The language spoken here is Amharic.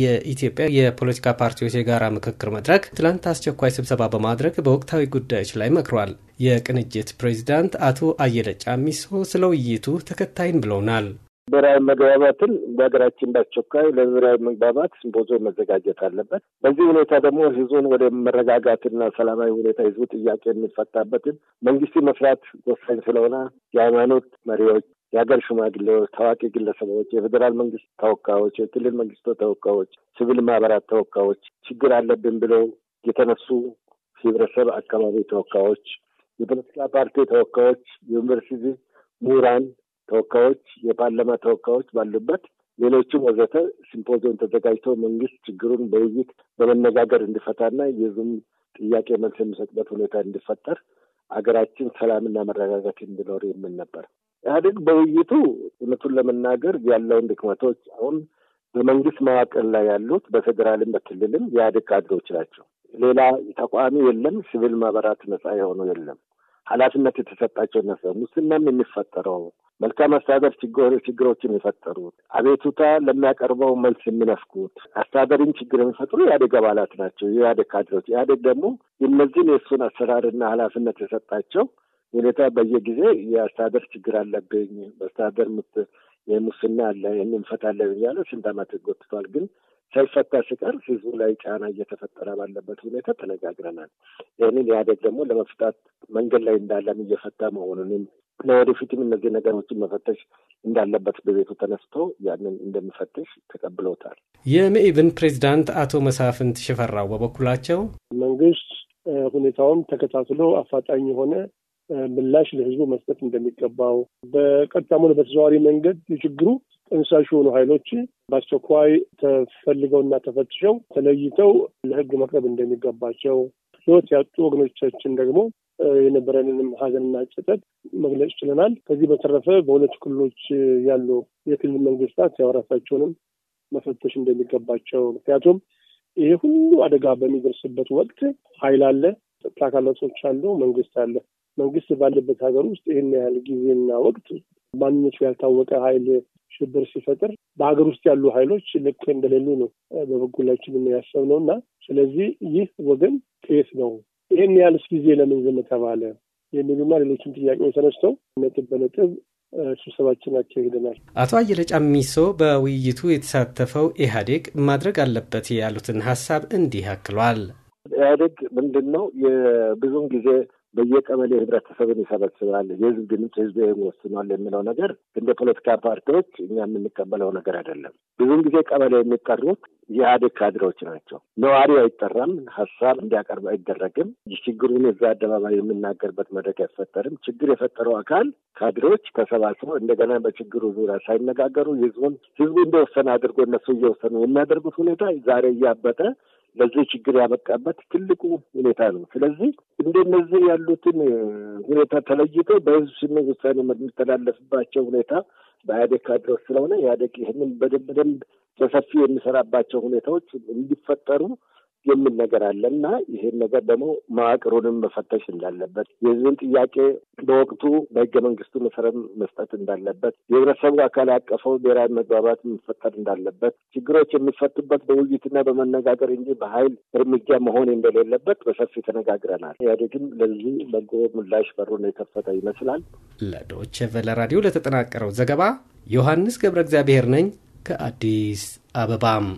የኢትዮጵያ የፖለቲካ ፓርቲዎች የጋራ ምክክር መድረክ ትላንት አስቸኳይ ስብሰባ በማድረግ በወቅታዊ ጉዳዮች ላይ መክሯል። የቅንጅት ፕሬዚዳንት አቶ አየለ ጫሚሶ ስለ ውይይቱ ተከታይን ብለውናል። ብሔራዊ መግባባትን በሀገራችን በአስቸኳይ ለብሔራዊ መግባባት ሲምፖዚየም መዘጋጀት አለበት። በዚህ ሁኔታ ደግሞ ህዝቡን ወደ መረጋጋትና ሰላማዊ ሁኔታ ህዝቡ ጥያቄ የሚፈታበትን መንግስት መስራት ወሳኝ ስለሆነ የሃይማኖት መሪዎች የሀገር ሽማግሌዎች፣ ታዋቂ ግለሰቦች፣ የፌዴራል መንግስት ተወካዮች፣ የክልል መንግስቶ ተወካዮች፣ ሲቪል ማህበራት ተወካዮች፣ ችግር አለብን ብለው የተነሱ ህብረሰብ አካባቢ ተወካዮች፣ የፖለቲካ ፓርቲ ተወካዮች፣ የዩኒቨርሲቲ ምሁራን ተወካዮች፣ የፓርላማ ተወካዮች ባሉበት ሌሎችም ወዘተ ሲምፖዚየም ተዘጋጅቶ መንግስት ችግሩን በውይይት በመነጋገር እንዲፈታና የዙም ጥያቄ መልስ የሚሰጥበት ሁኔታ እንዲፈጠር ሀገራችን ሰላምና መረጋጋት እንዲኖር የሚል ነበር። ኢህአዴግ በውይይቱ እውነቱን ለመናገር ያለውን ድክመቶች አሁን በመንግስት መዋቅር ላይ ያሉት በፌዴራልም በክልልም የኢህአዴግ ካድሬዎች ናቸው። ሌላ ተቋሚ የለም። ሲቪል ማህበራት ነጻ የሆኑ የለም። ኃላፊነት የተሰጣቸው ነበር። ሙስናም የሚፈጠረው መልካም አስተዳደር ችግር ችግሮች የሚፈጠሩት አቤቱታ ለሚያቀርበው መልስ የሚነፍኩት አስተዳደሪን ችግር የሚፈጥሩ የኢህአዴግ አባላት ናቸው። የኢህአዴግ ካድሬዎች ኢህአዴግ ደግሞ እነዚህን የእሱን አሰራርና ኃላፊነት የሰጣቸው ሁኔታ በየጊዜ የአስተዳደር ችግር አለብኝ በአስተዳደር የሙስና አለ ይህን እንፈታለን እያለ ስንት ዓመት ጎትቷል ግን ሳይፈታ ሲቀር ህዝቡ ላይ ጫና እየተፈጠረ ባለበት ሁኔታ ተነጋግረናል። ይህንን ኢህአዴግ ደግሞ ለመፍታት መንገድ ላይ እንዳለም እየፈታ መሆኑንም ለወደፊትም እነዚህ ነገሮችን መፈተሽ እንዳለበት በቤቱ ተነስቶ ያንን እንደሚፈትሽ ተቀብለውታል። የምዕብን ፕሬዚዳንት አቶ መሳፍንት ሽፈራው በበኩላቸው መንግስት ሁኔታውም ተከታትሎ አፋጣኝ የሆነ ምላሽ ለህዝቡ መስጠት እንደሚገባው በቀጥታም ሆነ በተዘዋዋሪ መንገድ የችግሩ ጥንሳሽ የሆኑ ኃይሎች በአስቸኳይ ተፈልገውና ተፈትሸው ተለይተው ለህግ መቅረብ እንደሚገባቸው ህይወት ያጡ ወገኖቻችን ደግሞ የነበረንንም ሀዘንና ጭጠት መግለጽ ችለናል። ከዚህ በተረፈ በሁለት ክልሎች ያሉ የክልል መንግስታት ያው ራሳቸውንም መፈተሽ እንደሚገባቸው ምክንያቱም ይሄ ሁሉ አደጋ በሚደርስበት ወቅት ኃይል አለ፣ ጸጥታ አካላቶች አሉ፣ መንግስት አለ። መንግስት ባለበት ሀገር ውስጥ ይህን ያህል ጊዜና ወቅት ማንነቱ ያልታወቀ ኃይል ሽብር ሲፈጥር በሀገር ውስጥ ያሉ ኃይሎች ልክ እንደሌሉ ነው በበኩላችን ነው እና ስለዚህ ይህ ወገን ከየት ነው ይህን ያህልስ ጊዜ ለምን ዝም ተባለ የሚሉና ሌሎችም ጥያቄዎች ተነስተው ነጥብ በነጥብ ስብሰባችን አካሂደናል። አቶ አየለ ጫሚሶ በውይይቱ የተሳተፈው ኢህአዴግ ማድረግ አለበት ያሉትን ሀሳብ እንዲህ አክሏል። ኢህአዴግ ምንድን ነው የብዙን ጊዜ በየቀበሌ ህብረተሰብን ይሰበስባል፣ የህዝብ ድምፅ ህዝብ ይወስኗል የሚለው ነገር እንደ ፖለቲካ ፓርቲዎች እኛ የምንቀበለው ነገር አይደለም። ብዙን ጊዜ ቀበሌ የሚጠሩት የኢህአዴግ ካድሬዎች ናቸው። ነዋሪው አይጠራም፣ ሀሳብ እንዲያቀርብ አይደረግም። ችግሩን እዛ አደባባይ የሚናገርበት መድረክ አይፈጠርም። ችግር የፈጠረው አካል ካድሬዎች ተሰባስበው እንደገና በችግሩ ዙሪያ ሳይነጋገሩ ህዝቡን ህዝቡ እንደወሰነ አድርጎ እነሱ እየወሰኑ የሚያደርጉት ሁኔታ ዛሬ እያበጠ ለዚህ ችግር ያበቃበት ትልቁ ሁኔታ ነው። ስለዚህ እንደነዚህ ያሉትን ሁኔታ ተለይቶ በህዝብ ስሜት ውሳኔ የሚተላለፍባቸው ሁኔታ በኢህአዴግ ካድሮች ስለሆነ ኢህአዴግ ይህንን በደንብ በደንብ በሰፊው የሚሰራባቸው ሁኔታዎች እንዲፈጠሩ የሚል ነገር አለ እና ይሄን ነገር ደግሞ መዋቅሩንም መፈተሽ እንዳለበት የህዝብን ጥያቄ በወቅቱ በህገ መንግስቱ መሰረት መስጠት እንዳለበት የህብረተሰቡ አካል ያቀፈው ብሔራዊ መግባባት መፈጠር እንዳለበት ችግሮች የሚፈቱበት በውይይትና በመነጋገር እንጂ በኃይል እርምጃ መሆን እንደሌለበት በሰፊ ተነጋግረናል። ኢህአዴግም ለዚህ በጎ ምላሽ በሩን የከፈተ ይመስላል። ለዶች ቨለ ራዲዮ ለተጠናቀረው ዘገባ ዮሐንስ ገብረ እግዚአብሔር ነኝ ከአዲስ አበባም